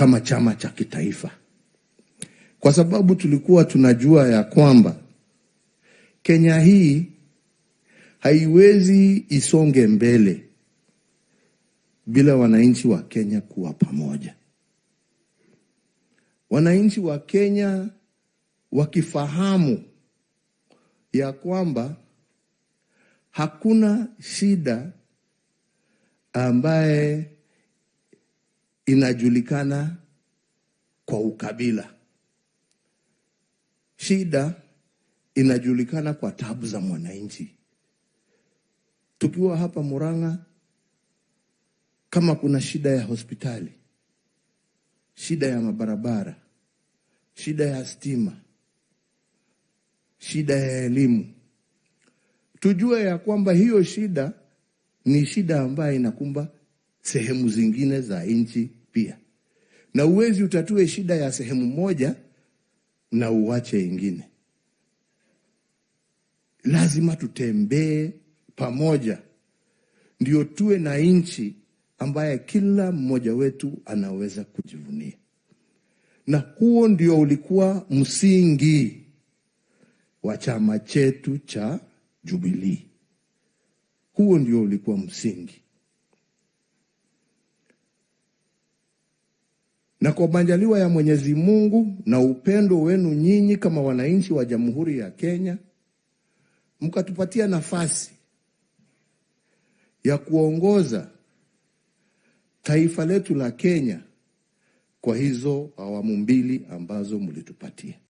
kama chama cha kitaifa, kwa sababu tulikuwa tunajua ya kwamba Kenya hii haiwezi isonge mbele bila wananchi wa Kenya kuwa pamoja. Wananchi wa Kenya wakifahamu ya kwamba hakuna shida ambaye inajulikana kwa ukabila, shida inajulikana kwa tabu za mwananchi. Tukiwa hapa Murang'a, kama kuna shida ya hospitali, shida ya mabarabara, shida ya stima, shida ya elimu, tujue ya kwamba hiyo shida ni shida ambayo inakumba sehemu zingine za nchi pia, na uwezi utatue shida ya sehemu moja na uwache ingine. Lazima tutembee pamoja ndio tuwe na nchi ambaye kila mmoja wetu anaweza kujivunia, na huo ndio ulikuwa msingi wa chama chetu cha Jubilee. Huo ndio ulikuwa msingi. na kwa majaliwa ya Mwenyezi Mungu na upendo wenu nyinyi kama wananchi wa Jamhuri ya Kenya, mkatupatia nafasi ya kuongoza taifa letu la Kenya kwa hizo awamu mbili ambazo mlitupatia.